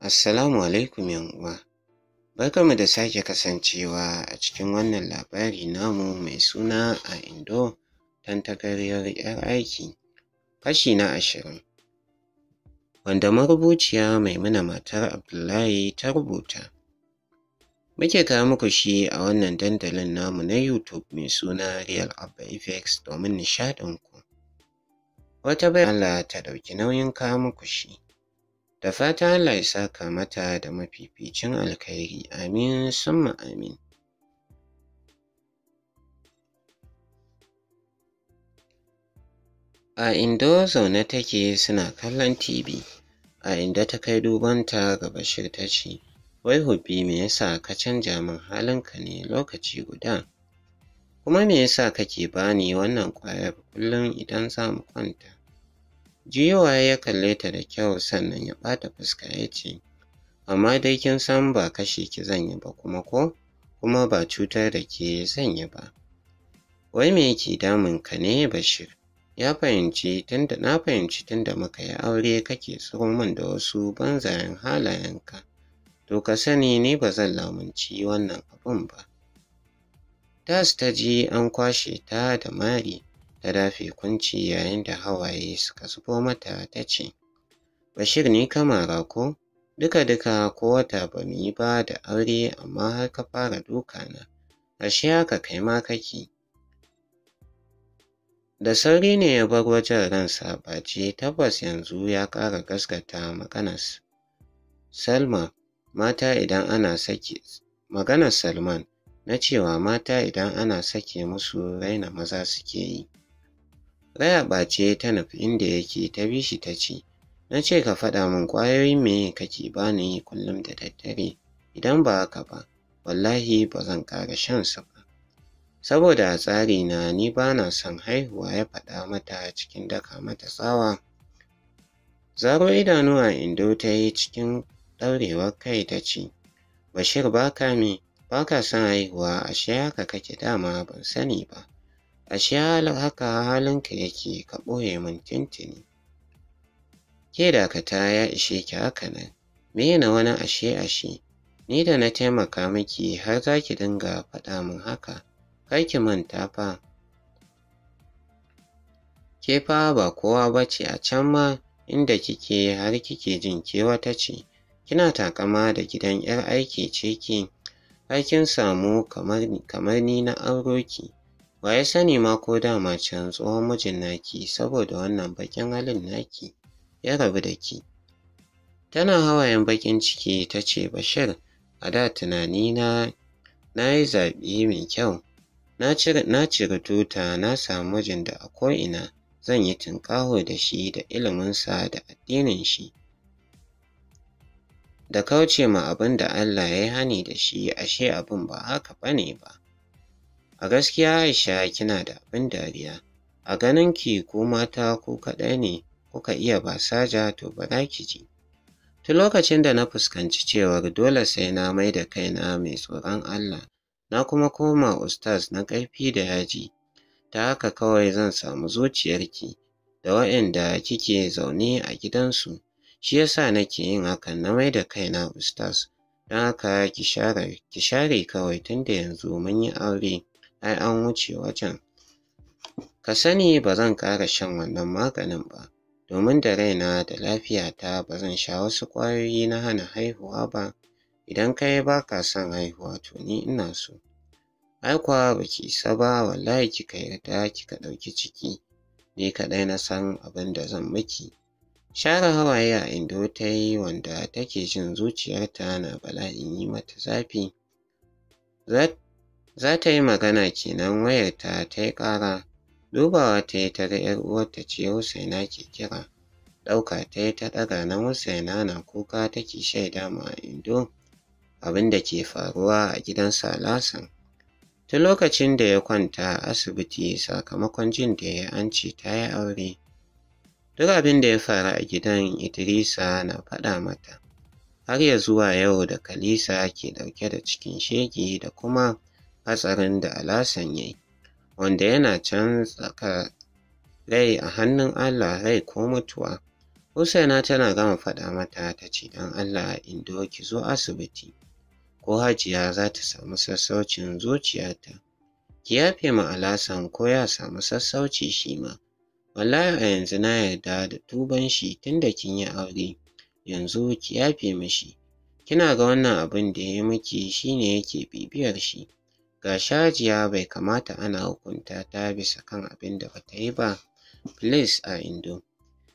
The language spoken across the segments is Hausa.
Assalamu alaikum uwa. Barkanmu da sake kasancewa a cikin wannan labari namu mai suna a Indo tantagaryar 'yar aiki kashi na ashirin wanda marubuciya Maimuna matar Abdullahi ta rubuta. Muke kawo muku shi a wannan dandalin namu na YouTube mai suna Real Abba FX domin nishaɗinku. Wata bai Allah ta ɗauki nauyin kawo muku shi. Da fata Allah ya saka mata da mafificin alkhairi. Amin summa amin. A Indo zaune take suna kallon TV. A inda ta kai dubanta ga Bashir ta ce, Wai Hubbi me yasa ka canja min halinka ne lokaci guda? Kuma me yasa kake bani wannan ƙwayar kullum idan za mu kwanta? Jiyowa ya kalle ta da kyau sannan ya ɓata fuska ya ce, Amma dai kin san ba kashe ki zan yi ba kuma ko? Kuma ba cutar da ke zan yi ba. Wai me yake damun ka ne Bashir? Ya fahimci tunda na fahimci tunda muka yi aure kake tsoro min da wasu banzayen halayenka. to ka sani ni ba zan lamunci wannan abin ba. Tas ta ji an kwashe ta da mari ta dafe kunci yayin da hawaye suka zubo mata ta ce, Bashir ni ka mara ko? Duka-duka ko wata ba mu yi ba da aure amma har ka fara duka na ashe haka kai ma kake. Da sauri ne ya bar wajen ransa ba ce tabbas yanzu ya ƙara gaskata maganas. Salma mata idan ana sake maganar Salman na cewa mata idan ana sake musu raina maza suke yi. Raya ɓace ta nufi inda yake ta bi shi ta ce, Na ce ka faɗa min ƙwayoyin me kake bani yi kullum da daddare, idan ba haka ba, wallahi ba zan ƙara shan su ba. Saboda a tsari na ni ba na son haihuwa ya faɗa mata cikin daka mata tsawa. Zaro idanu a indo ta yi cikin ɗaurewar kai ta ce, Bashir baka me, ka son haihuwa ashe haka kake dama ban sani ba. Ashe haka halinka yake ka ɓoye min tintini. Ke dakata ya ishe ki haka nan, me na wani ashe ashe, ni da na taimaka miki har za ki dinga faɗa min haka, kar ki manta fa. Ke fa ba kowa ba ce a can ma inda kike har kike jin ke wata ce, kina takama da gidan 'yar aiki ce ki aikin samu kamar ni na auro ki wa ya sani ma ko dama can tsohon mijin naki saboda wannan baƙin halin naki ya rabu da ki tana hawayen bakin ciki ta ce bashir a da tunani na na yi zaɓi mai kyau na cire tuta na samu mijin da a ko'ina zan yi tunƙaho da shi da iliminsa da addinin shi da kauce ma abin da Allah ya yi hani da shi ashe abin ba haka ba ne ba. A gaskiya Aisha kina da abin dariya, a ganin ki ko mata ko kaɗai ne kuka iya ba saja to ba za ki ji. Tun lokacin da na fuskanci cewar dole sai na mai da kaina mai tsoron Allah, na kuma koma ustaz na ƙarfi da yaji, ta haka kawai zan samu zuciyarki da waɗanda kike zaune a gidansu. shi yasa nake yin hakan na mai da kaina ustaz don haka ki share kawai tun da yanzu mun yi aure ai an wuce wajen ka sani ba zan ƙara shan wannan maganin ba domin da raina da lafiyata ba zan sha wasu ƙwayoyi na hana haihuwa ba idan kai ba ka son haihuwa to ni ina so ai kuwa ba ki isa ba wallahi kika yarda kika ɗauki ciki ni kaɗai na san abin da zan miki Share hawaye a Indo ta yi wanda take jin zuciyarta na bala'in yi mata zafi. Za ta yi magana kenan wayarta ta yi ƙara. Dubawa ta yi ta ga 'yar uwarta ce Husaina ke kira. Ɗauka ta yi ta ɗaga na Hussaina na kuka take shaida ma Indo abin da ke faruwa a gidan Salasan. Tun lokacin da ya kwanta a asibiti sakamakon jin da ya an ce ta yi aure. Duk abin da ya faru a gidan Idrisa na faɗa mata. Har ya zuwa yau da Kalisa ke ɗauke da cikin shege da kuma hatsarin da Alasan ya yi, wanda yana can tsaka rai a hannun Allah rai ko mutuwa. Hussaina tana gama faɗa mata ta ce don Allah indo ki zo asibiti ko hajiya za ta samu sassaucin zuciyarta. Ki yafe ma alasan ko ya samu sassauci shi ma. wallahi a yanzu na yarda da tuban shi tun da kin yi aure yanzu ki yafe mishi kina ga wannan abin da ya miki shi shine yake bibiyar shi ga shajiya bai kamata ana hukunta ta bisa kan abin da bata yi ba please a indo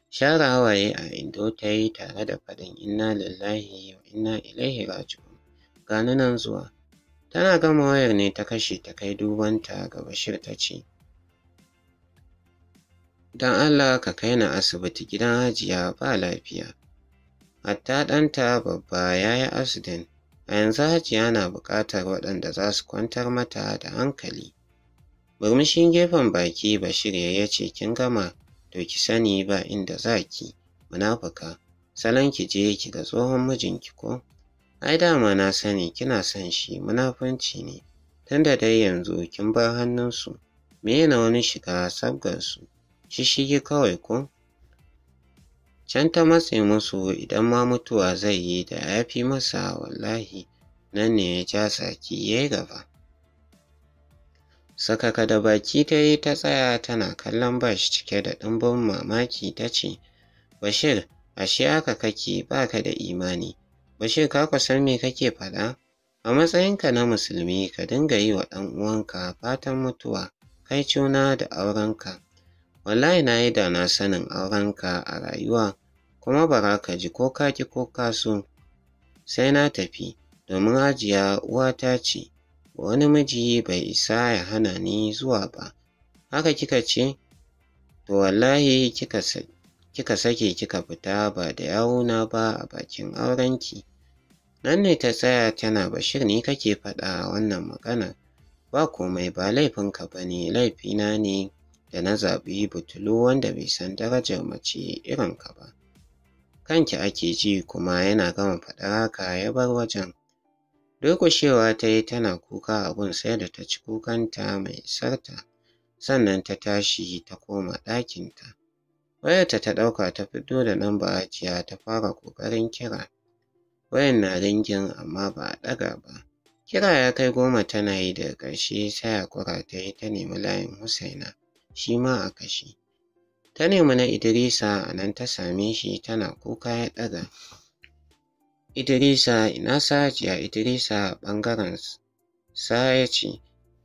share hawaye a indo ta yi tare da faɗin inna lillahi wa inna ilaihi raji'un ga nan zuwa tana gama wayar ne ta kashe ta kai dubanta ga bashir ta ce don Allah ka kai ni asibiti gidan hajiya ba lafiya. Hatta ɗanta babba ya yi asidin, a yanzu hajiya na buƙatar waɗanda za su kwantar mata da hankali. Burmushin gefen baki Bashir ya ce kin gama to ki sani ba inda za ki, munafuka, salon ki je ki ga tsohon mijinki ko? Ai dama na sani kina son shi munafunci ne, tunda dai yanzu kin bar hannunsu, me na wani shiga sabgarsu. Shi shishshige kawai ko? Can ta matse musu idan ma mutuwa zai yi da ya fi masa wallahi nan ne ya ja saki ya yi gaba. Sakaka da baki ta yi ta tsaya tana kallon bashi cike da ɗumbin mamaki ta ce, Bashir, ashe aka kake ba ka da imani, Bashir ka kusan me kake faɗa? A matsayinka na musulmi ka dinga yi wa ɗan uwanka fatan mutuwa, kai cuna da aurenka. Wallahi na yi da na sanin aurenka a rayuwa, kuma bara ka ji ko ka ki ko ka so. Sai na tafi, domin ajiya, uwata ce, wani miji bai isa ya hana ni zuwa ba. Haka kika ce? To wallahi kika sake kika fita ba da yawuna ba a bakin aurenki. Nan ne ta tsaya tana bashir ni kake faɗa wannan magana, ba komai ba laifinka ba ne laifina ne da na zaɓi butulu wanda bai san darajar mace irin ka ba. Kanki ake ji kuma yana gama faɗar haka ya bar wajen. Durƙushewa ta yi tana kuka abun sai da ta ci kukanta mai sarta, sannan ta tashi ta koma ɗakinta. Wayarta ta ɗauka ta fito da nan ba ajiya ta fara ƙoƙarin kira. Wayan na ringin amma ba a ɗaga ba. Kira ya kai goma tana yi daga ƙarshe sai a ƙura ta yi ta nemi layin Husaina. shi ma a kashe. Ta nemi na Idirisa a nan ta same shi tana kuka ya ɗaga. Idirisa ina a Idirisa ɓangaren sa ya ce,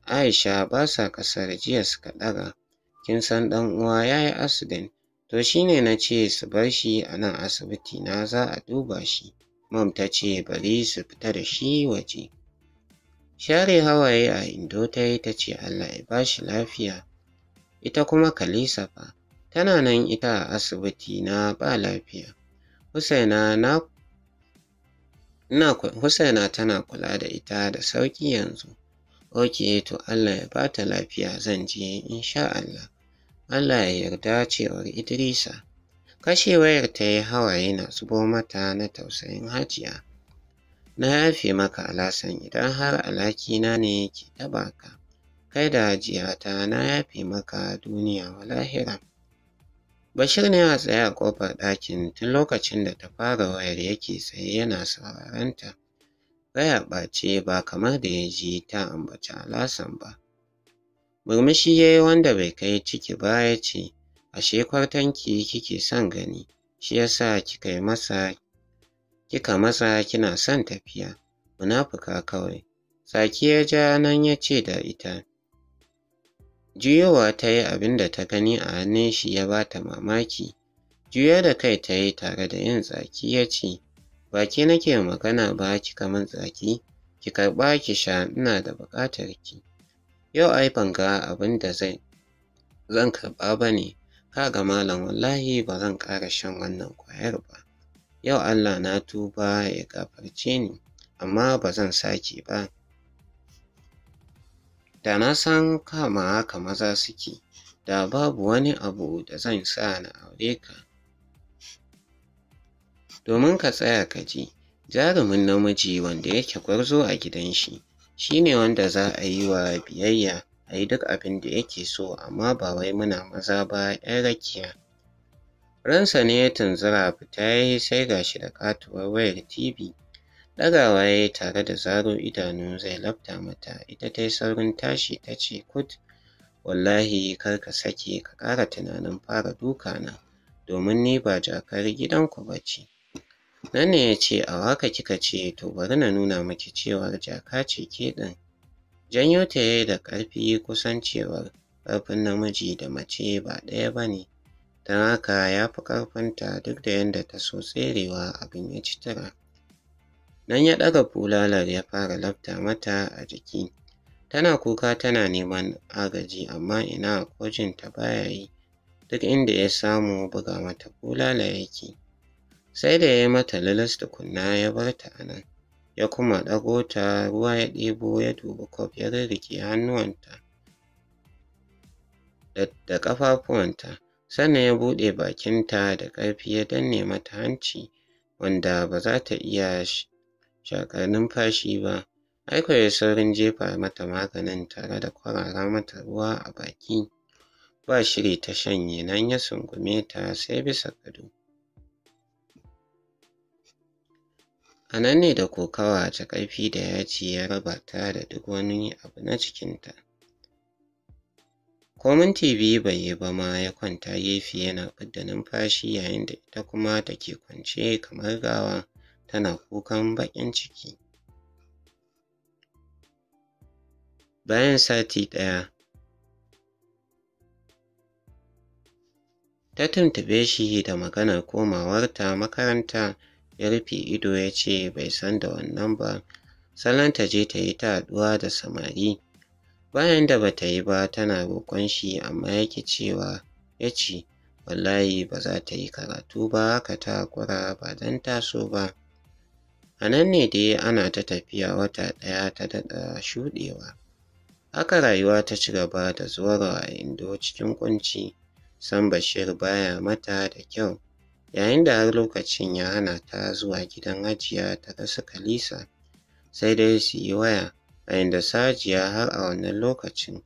Aisha ba sa ƙasar jiya suka ɗaga, kin san ɗan uwa ya yi asidin, to shi ne na ce su bar shi a nan asibiti na za a duba shi. mam ta ce bari su fita da shi waje. Share hawaye a indo ta yi ta ce Allah ya ba shi lafiya. ita kuma Kalisa fa tana nan ita a asibiti na ba lafiya. Husaina na Husaina tana kula da ita da sauƙi yanzu. Oke to Allah ya bata lafiya zan je insha Allah. Allah ya yarda cewar Idrisa. Kashe wayar ta yi hawaye na zubo mata na tausayin hajiya. Na yafe maka alasan idan har na ne ke taɓa ka. kai da na yafe maka duniya wa lahira. Bashir ne a tsaye a ƙofar ɗakin tun lokacin da ta fara wayar yake tsaye yana sauraron ta. ɓace ba kamar da ya ji ta ambaci alasan ba. Murmushi ya yi wanda bai kai ciki ba ya ce, Ashe kwartanki kike son gani, shi yasa kika yi masa kika masa kina son tafiya, munafuka kawai. Saki ya ja nan ya ce da ita, Juyowa ta yi abin da ta gani a hannun shi ya ba ta mamaki. Juya da kai ta yi tare da yin tsaki ya ce, Ba ke nake magana ba kika min tsaki, ki karɓa ki sha ina da buƙatar ki. Yau ai ban ga abin da zan karɓa ba ne, ga malam wallahi ba zan ƙara shan wannan ƙwayar ba. Yau Allah na tuba ya gafarce ni, amma ba zan sake ba. Da na san kama haka maza suke, da babu wani abu da zan sa na aure ka. Domin ka tsaya ka ji, jarumin namiji wanda yake gwarzo a gidan shi, shi ne wanda za a yi wa biyayya a yi duk abin da yake so amma ba wai muna maza ba 'yan rakiya. Ransa ne ya tunzura fita ya yi sai shi da katuwar wayar Tibi. Ɗagawa ya tare da zaro idanu zai lafta mata, ita ta yi saurin tashi ta ce kut, wallahi kar ka sake ka ƙara tunanin fara duka na domin ni ba jakar gidanku ba ce. Nan ne ya ce a waka kika ce to bari na nuna miki cewar jaka ce ke ɗin. Janyo ta yi da ƙarfi kusan cewar ƙarfin namiji da mace ba ɗaya ba ne. Don haka ya fi ƙarfinta duk da yadda ta so tserewa abin ya ci tura. Nan ya ɗaga bulalar ya fara lafta mata a jiki. Tana kuka tana neman agaji amma ina kojinta baya yi. Duk inda ya samu buga mata bulala yake. Sai da ya yi mata lilis tukunna ya bar ta a nan. Ya kuma ɗago ta ruwa ya ɗebo ya dubi kwaf ya rirrike hannuwanta da ƙafafuwanta. sannan ya buɗe bakinta da ƙarfi ya danne mata hanci wanda ba za ta iya shaƙar numfashi ba ai ya saurin jefa mata maganin tare da kwarara mata ruwa a baki ba shiri ta shanye nan ya sungume ta sai bisa gado a nan ne da kokawa ta ƙarfi da yaci ya raba ta da duk wani abu na cikinta ko minti biyu bai yi ba ma ya kwanta gefe yana fidda numfashi yayin da ita kuma take kwance kamar gawa tana kukan baƙin ciki. Bayan sati ɗaya, ta tuntube shi da maganar komawarta makaranta ya rufe ido ya ce bai san da wannan ba, salon ta je ta yi ta haɗuwa da samari. Bayan da ba ta yi ba tana roƙon shi amma yake cewa ya ce wallahi ba za ta yi karatu ba haka ta haƙura ba don taso ba. A nan ne dai ana ta tafiya wata ɗaya ta daɗa shuɗewa. Haka rayuwa ta ci gaba da zuwarwa a Indo cikin ƙunci, san Bashir baya mata da kyau, yayin da har lokacin ya hana ta zuwa gidan Hajiya ta rasa Kalisa, sai dai su yi waya, a inda Sajiya har a wannan lokacin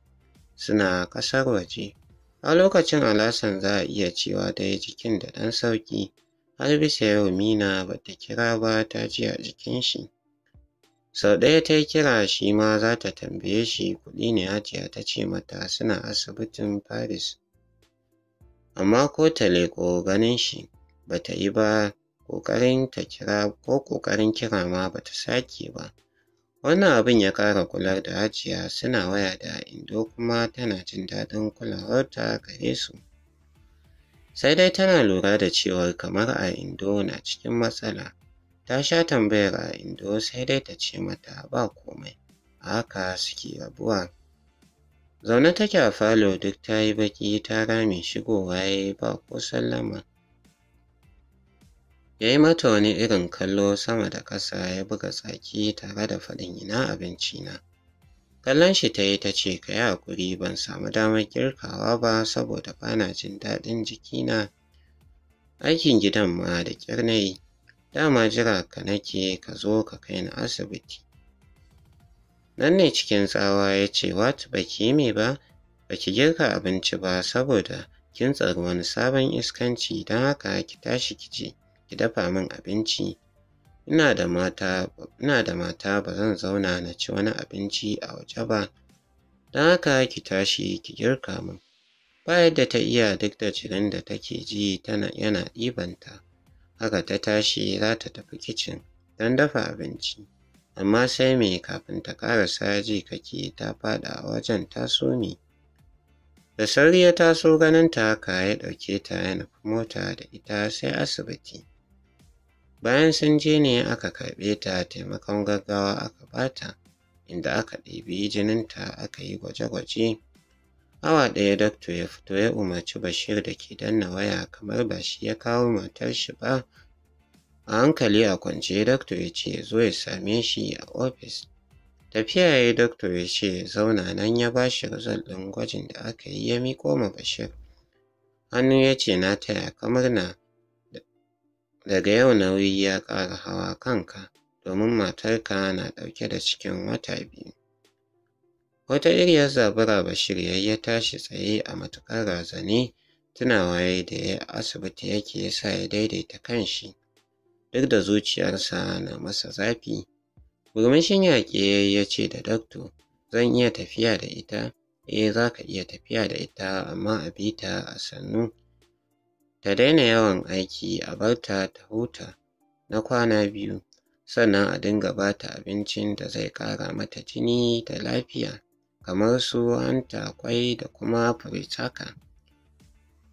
suna ƙasar waje. A lokacin Alhassan za a iya cewa dai jikin da ɗan sauƙi. har bisa yau Mina ba kira ba ta ji a jikin shi. Sau ɗaya ta yi kira shi ma za ta tambaye shi kuɗi ne ajiya ta ce mata suna asibitin Paris. Amma ko ta leƙo ganin shi bata yi ba ƙoƙarin ta kira ko ƙoƙarin kira ma bata sake ba. Wannan abin ya ƙara kular da Hajiya suna waya da Indo kuma tana jin daɗin kulawarta gare su. sai dai tana lura da cewa kamar a indo na cikin matsala ta sha tambayar a indo sai dai ta ce mata ba komai a haka suke rabuwa zaune take a falo duk ta yi baki ta rame shigowa ya ba ko sallama ya yi mata wani irin kallo sama da ƙasa ya buga tsaki tare da faɗin ina abinci na Kallon shi ta yi ta ce, ka yi haƙuri ban samu damar kirkawa ba saboda ba jin daɗin jikina. Aikin gidan ma da ƙyar na yi, dama jira ka nake ka zo ka kai ni asibiti. Nan ne cikin tsawa ya ce, wat ba ki yi mai ba, ba ki girka abinci ba saboda kin tsari wani sabon iskanci don haka ki tashi ki je, ki dafa min abinci. ina da mata ina da mata ba zan zauna na ci wani abinci a waje ba don haka ki tashi ki girka min ba yadda ta iya duk da jirin da take ji tana yana ɗibanta haka ta tashi za ta tafi kicin don dafa abinci amma sai me kafin ta ƙarasa ji kake ta faɗa a wajen ta some da sauri ya taso ganin ta haka ya ɗauke ta ya nufi mota da ita sai asibiti Bayan sun je ne aka karɓe ta taimakon gaggawa aka bata inda aka ɗebi jininta aka yi gwaje-gwaje. Awa ɗaya dakto ya fito ya umarci Bashir da ke danna waya kamar ba shi ya kawo matar shi ba. A hankali a kwance dakto ya ce ya zo ya same shi a ofis. Tafiya ya yi dakto ya ce zauna nan ya ba shi rizal ɗin gwajin da aka yi ya miƙo ma Bashir. Hannu ya ce na taya kamar na daga yau nauyi ya ƙara hawa kanka domin matarka na ɗauke da cikin wata biyu. Wata iriyar zabura Bashir ya ya tashi tsaye a matuƙar razani tunawa ya da ya asibiti yake sa ya daidaita kanshi duk da zuciyarsa na masa zafi. Murmushin yaƙi ya ce da dakto zan iya tafiya da ita, eh za ka iya tafiya da ita amma a bi ta a sannu Ta daina yawan aiki a barta ta huta na kwana biyu, sannan a dinga ba ta abincin da zai ƙara mata jini da lafiya kamar su hanta, ƙwai da kuma fruit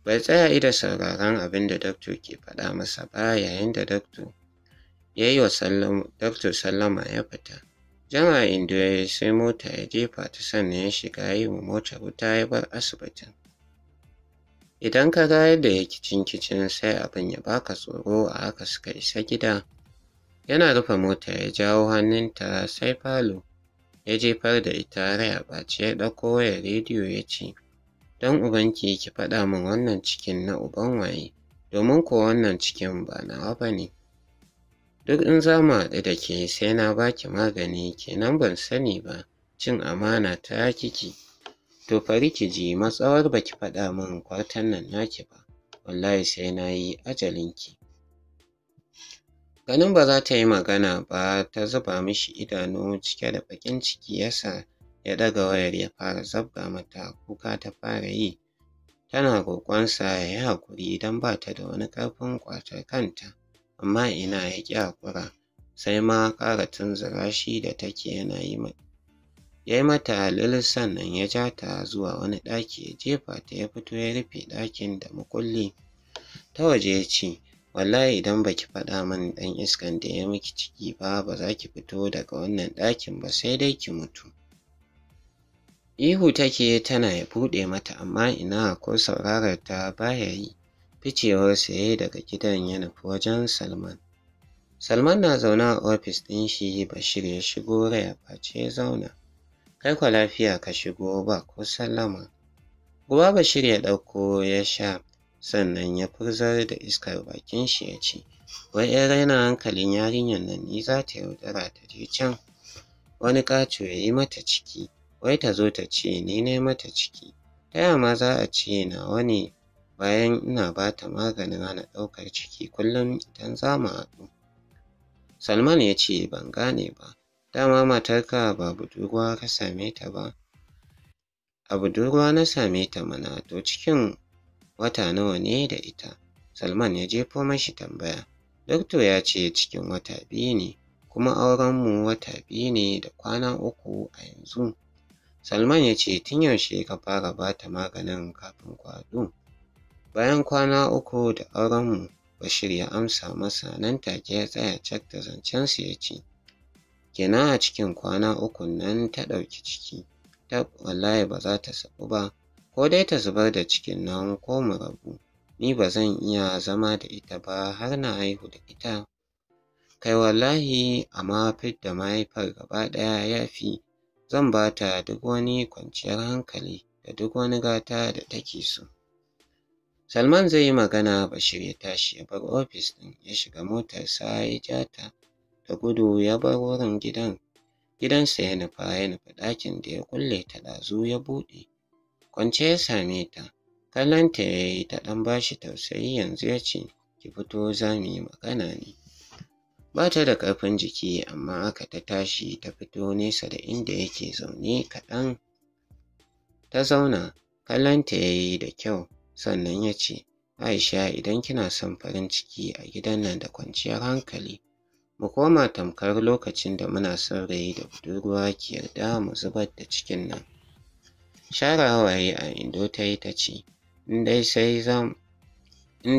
Bai tsaya ida sauraron abin da dakto ke faɗa masa ba yayin da dakto ya yi wa dakto sallama ya fita. Jama'a Indiyoyi sai mota ya jefa ta sannan ya shiga ya yi wa motar wuta ya bar asibitin. Idan ka ga yadda ya kicin-kicin sai abin ya baka tsoro a haka suka isa gida. Yana rufe mota ya jawo hannunta sai falo ya jefar da ita rai a ɓace ya ɗauko wayar rediyo ya ce, Don ubanki ki faɗa min wannan cikin na uban waye, domin ko wannan cikin ba nawa ba ne. Duk in za mu haɗu da ke sai na baki magani kenan ban sani ba, cin amana ta kiki. To fari ki ji matsawar baki faɗa min kwartan nan naki ba, wallahi sai na yi ajalinki. Ganin ba za ta yi magana ba ta zuba mishi idanu cike da bakin ciki yasa ya ɗaga wayar ya fara zabga mata kuka ta fara yi. Tana roƙonsa ya yi haƙuri don ba ta da wani ƙarfin ƙwatar kanta, amma ina ya ƙi haƙura, sai ma ƙara tunzura shi da take yana yi ya yi mata lilis sannan ya ja ta zuwa wani ɗaki ya jefa ta ya fito ya rufe ɗakin da makulli ta waje ya ce wallahi idan ba ki faɗa min ɗan iskan da ya miki ciki ba ba za ki fito daga wannan ɗakin ba sai dai ki mutu ihu take tana ya buɗe mata amma ina ko saurarar ta ya yi ficewar saye daga gidan ya nufi wajen salman salman na zaune a ofis ɗin shi bashir ya shigo raya face ya zauna kai kwa lafiya ka shigo ba ko sallama. Guba Bashir ya ɗauko ya sha sannan ya furzar da iskar bakin shi ya ce, wai ‘yan raina hankalin yarinyar nan ni za ta yaudara ta je can. Wani ƙato ya yi mata ciki, wai ta zo ta ce ni ne mata ciki. Ta yaya ma za a ce nawa ne bayan ina ba ta maganin hana ɗaukar ciki kullum idan za mu haɗu. Salman ya ce ban gane ba. dama matarka ba budurwa ka same ta ba a budurwa na same ta mana to cikin wata nawa ne da ita salman ya jefo mashi tambaya doctor ya ce cikin wata biyu ne kuma aurenmu wata biyu ne da kwana uku a yanzu salman ya ce tun yaushe ka fara ba ta maganin kafin kwado bayan kwana uku da aurenmu bashir ya amsa masa nan take ya tsaya cak da zancensu ya ce Gina a cikin kwana ukun nan ta ɗauki ciki, ta wallahi ba za ta sabu ba, ko dai ta zubar da cikin nan ko mu rabu, ni ba zan iya zama da ita ba har na haihu da ita. Kai wallahi amma fidda mahaifar gaba ɗaya ya fi, zan ba ta duk wani kwanciyar hankali da duk wani gata da take so. Salman zai yi magana Bashir ya tashi ya bar ofis ɗin ya shiga motarsa ya ja ta da gudu ya bar wurin gidan gidansa ya nufa ya nufi ɗakin da ya kulle ta ɗazu ya buɗe kwance ya same ta kallonta ya yi ta ɗan ba shi tausayi yanzu ya ce ki fito za mu yi magana ne ba ta da ƙarfin jiki amma aka ta tashi ta fito nesa da inda yake zaune kaɗan ta zauna kallonta ya yi da kyau sannan ya ce aisha idan kina son farin ciki a gidan nan da kwanciyar hankali mu koma tamkar lokacin da muna son saurayi da budurwa ke yarda mu zubar da cikin nan share hawaye a indo ta yi ta ce in dai sai zan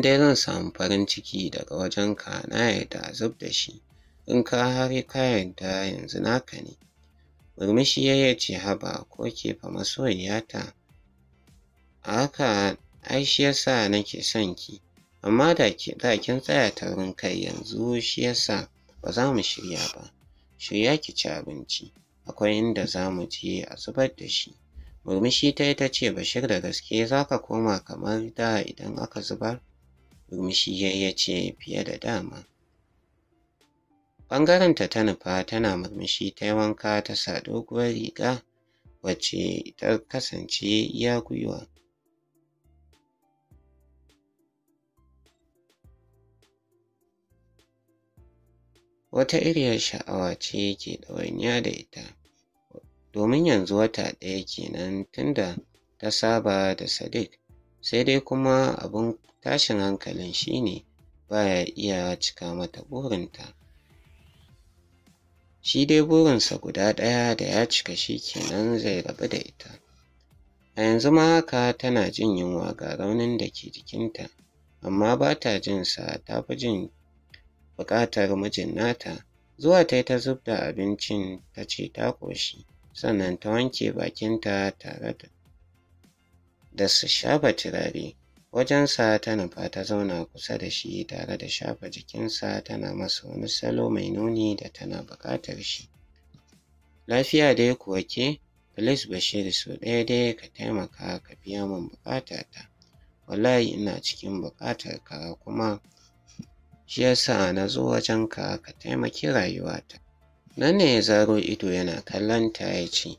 zan samu farin ciki daga wajen na yarda zub da shi in ka har ka yarda yanzu naka ne murmushi ya ce haba ko ke fa masoyiyata a haka ai shi yasa nake son ki amma da kin tsaya taurin kai yanzu shi yasa ba za mu shirya ba shirya ki ci abinci akwai inda za mu je a zubar da shi murmushi ta yi ta ce bashir da gaske za ka koma kamar da idan aka zubar murmushi ya ya ce fiye da dama ɓangarenta ta nufa tana murmushi ta yi wanka ta sa doguwar riga wacce ta kasance iya gwiwa wata iriyar sha'awa ce yake ɗawainiya da ita domin yanzu wata ɗaya kenan tunda ta saba da Sadiq sai dai kuma abin tashin hankalin shine baya iya cika mata burinta shi dai burinsa guda ɗaya da ya cika shi kenan zai rabu da ita a yanzu ma haka tana jin yunwa ga raunin da ke jikinta amma ba ta jin sa ta fi jin buƙatar mijin nata zuwa ta yi ta zub abincin ta ce ta ƙoshi sannan ta wanke bakinta tare da da su shafa turare wajensa ta nufa ta zauna kusa da shi tare da shafa jikinsa tana masa wani salo mai nuni da tana buƙatar shi lafiya dai kuwa ke Felis Bashir su ɗaya dai ka taimaka ka biya min ta, wallahi ina cikin buƙatar ka kuma shi yasa na zo wajen ka taimaki rayuwata nan ne ya zaro ido yana kallon ta ya ce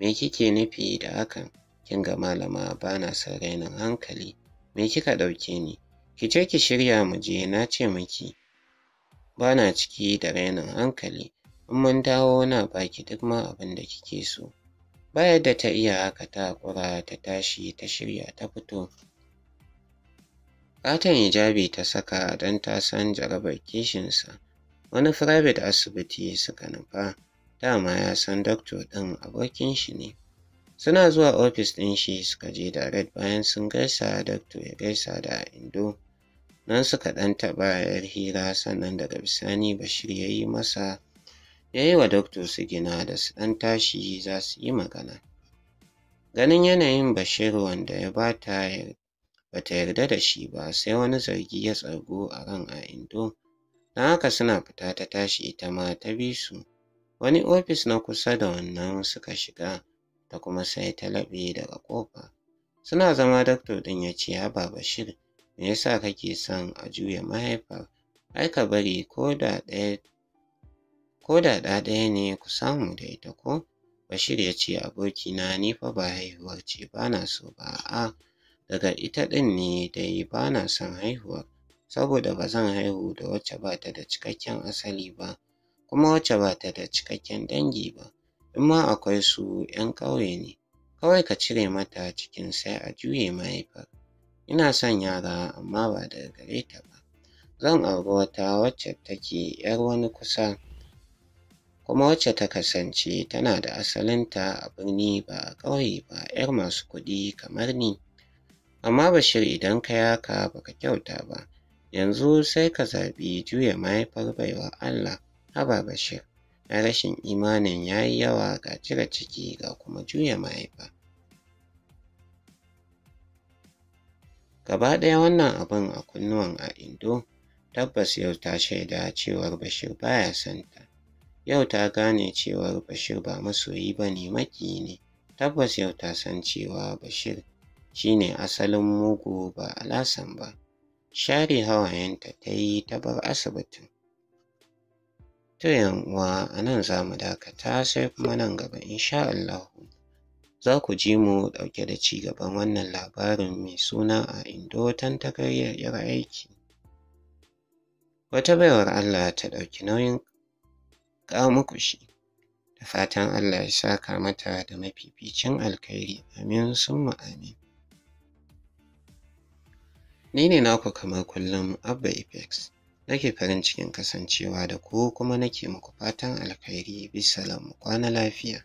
me kike nufi da hakan kin ga malama ba na son rainin hankali me kika ɗauke ni ki je ki shirya mu je na ce miki ba na ciki da rainin hankali in mun dawo na baki duk ma abin da kike so ba yadda ta iya haka ta haƙura ta tashi ta shirya ta fito fatan hijabi ta saka don ta san jarabar kishinsa, wani firabit asibiti suka nufa, dama ya san doktor ɗin abokin shi ne. Suna zuwa ofis ɗin shi suka je da red bayan sun gaisa doktor ya gaisa da indo. Nan suka ɗan taɓa yar hira sannan daga bisani Bashir ya yi masa ya yi wa doktor su gina da su ɗan tashi za su yi magana. Ganin yanayin Bashir wanda ya bata ba ta yarda da shi ba sai wani zargi ya tsargo a ran a indo Na haka suna fita ta tashi ita ma ta bi su wani ofis na kusa da wannan suka shiga ta kuma sai ta laɓe daga ƙofa suna zama doctor ɗin ya ce haba bashir me yasa kake son a juya mahaifar ai ka bari ko da ɗaya ko da ɗaya ne ku samu da ita ko Bashir ya ce abokina ni fa ba haihuwar ce ba na so ba a'a daga ita ɗin ne dai ba na son haihuwa saboda ba zan haihu da wacce ba ta da cikakken asali ba kuma wacce ba ta da cikakken dangi ba in ma akwai su 'yan ƙauye ne kawai ka cire mata cikin sai a juye mahaifar ina son yara amma ba daga gare ta ba zan auri wata wacce take 'yar wani kusa kuma wacce ta kasance tana da asalinta a birni ba a ƙauye ba 'yar masu kuɗi kamar ni Amma Bashir idan ka yaka baka ba ka kyauta ba, yanzu sai ka zaɓi juya mahaifar baiwa Allah, haba Bashir. Na rashin imanin ya yi yawa ga cire ciki ga kuma juya mahaifa. Gaba ɗaya wannan abin a kunnuwan a indo, tabbas yau ta shaida cewar Bashir baya santa. Yau ta gane cewar Bashir ba masoyi ba ne maki ne, tabbas yau ta san cewa Bashir shine asalin mugu ba alasan ba share hawayenta ta yi ta bar asibitin to uwa a nan za mu dakata sai kuma nan gaba insha Allahu za ku ji mu ɗauke da ci gaban wannan labarin mai suna a indo 'yar aiki wata baiwar Allah ta ɗauki nauyin ƙamukushi da fatan Allah ya saka mata da mafificin alkhairi amin mu amin Ni ne naku kamar kullum Abba Apex. Nake farin cikin kasancewa da ku kuma nake muku fatan alkhairi lamu kwana lafiya.